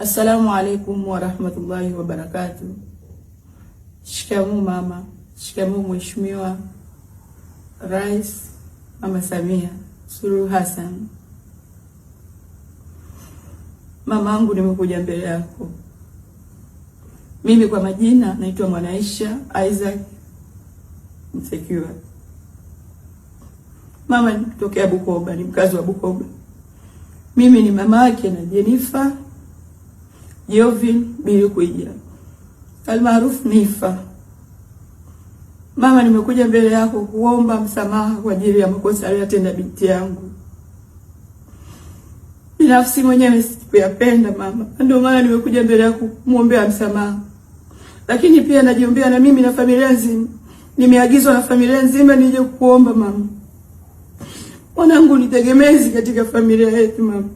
Assalamu alaikum warahmatullahi wabarakatu. Shikamoo mama, shikamoo mheshimiwa Rais Mama Samia Suluhu Hassan. Mamangu, nimekuja mbele yako. Mimi kwa majina naitwa Mwanaisha Isaac Msekiwa. Mama, nikutokea Bukoba, ni mkazi wa Bukoba. Mimi ni mama yake na Jenifa Jovin Bilikuija almaarufu Nifa. Mama, nimekuja mbele yako kuomba msamaha kwa ajili ya makosa aliyotenda binti yangu. Binafsi mwenyewe sikuyapenda mama, ndio maana nimekuja mbele yako kumwombea msamaha, lakini pia najiombea na mimi na familia nzima. Nimeagizwa na familia nzima nije kuomba mama. Mwanangu nitegemezi katika familia yetu mama.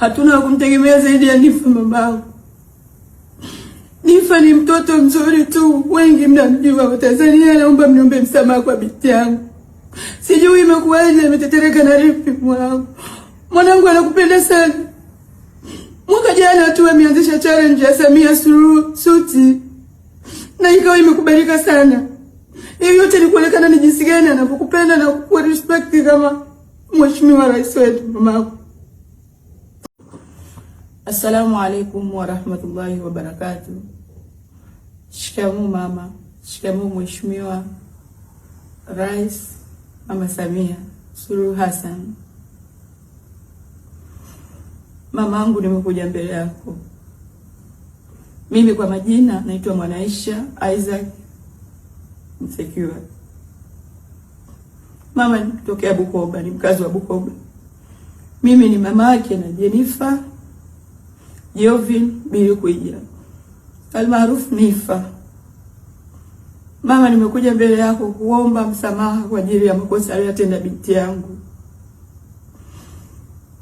Hatuna wa kumtegemea zaidi ya Nifa. Mamangu Nifa ni mtoto mzuri tu, wengi mnamjua. Watanzania, naomba mniombe msamaha kwa binti yangu, sijui imekuwaje, imetetereka na rifi. Mwanangu, mwanangu anakupenda sana. Mwaka jana tu ameanzisha challenge ya Samia Suluhu suti na ikawa imekubalika sana. Hiyo yote ni kuonekana ni jinsi gani anapokupenda na kukuwa respect kama mheshimiwa rais wetu mamangu. Assalamu alaikum warahmatullahi wabarakatu. Shikamoo mama, shikamoo mheshimiwa Rais Mama Samia Suluhu Hassan. Mamangu, nimekuja mbele yako. Mimi kwa majina naitwa Mwanaisha Isaac Msekiwa. Mama, nikutokea Bukoba, ni mkazi wa Bukoba. Mimi ni mama yake na Jenifa Jovin Bilikuija almaarufu Nifa. Mama, nimekuja mbele yako kuomba msamaha kwa ajili ya makosa aliyotenda binti yangu.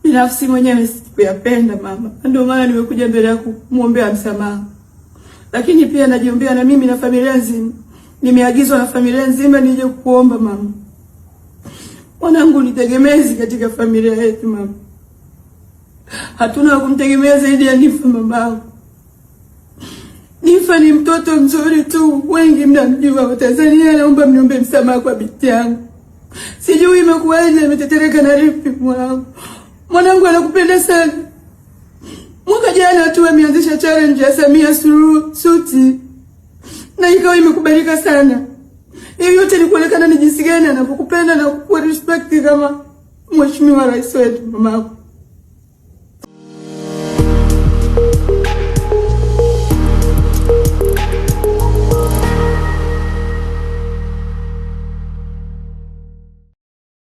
Binafsi mwenyewe sikuyapenda mama, ndio maana nimekuja mbele yako kumwombea msamaha, lakini pia najiombea na mimi na familia nzima. Nimeagizwa na familia nzima nije kuomba mama. Mwanangu nitegemezi katika familia yetu mama hatuna kumtegemea zaidi ya Nifa. Mamangu Nifa ni mtoto mzuri tu, wengi mnamjua. Watanzania, naomba mniombe msamaha kwa binti yangu, sijui imekuwaje, imetetereka na rifi. Mwanangu, mwanangu anakupenda sana. Mwaka jana tu ameanzisha challenge ya Samia Suluhu suti na ikawa imekubalika sana. Hiyo yote ni kuonekana ni jinsi gani anapokupenda na kukuwa respect kama mheshimiwa rais wetu mamangu.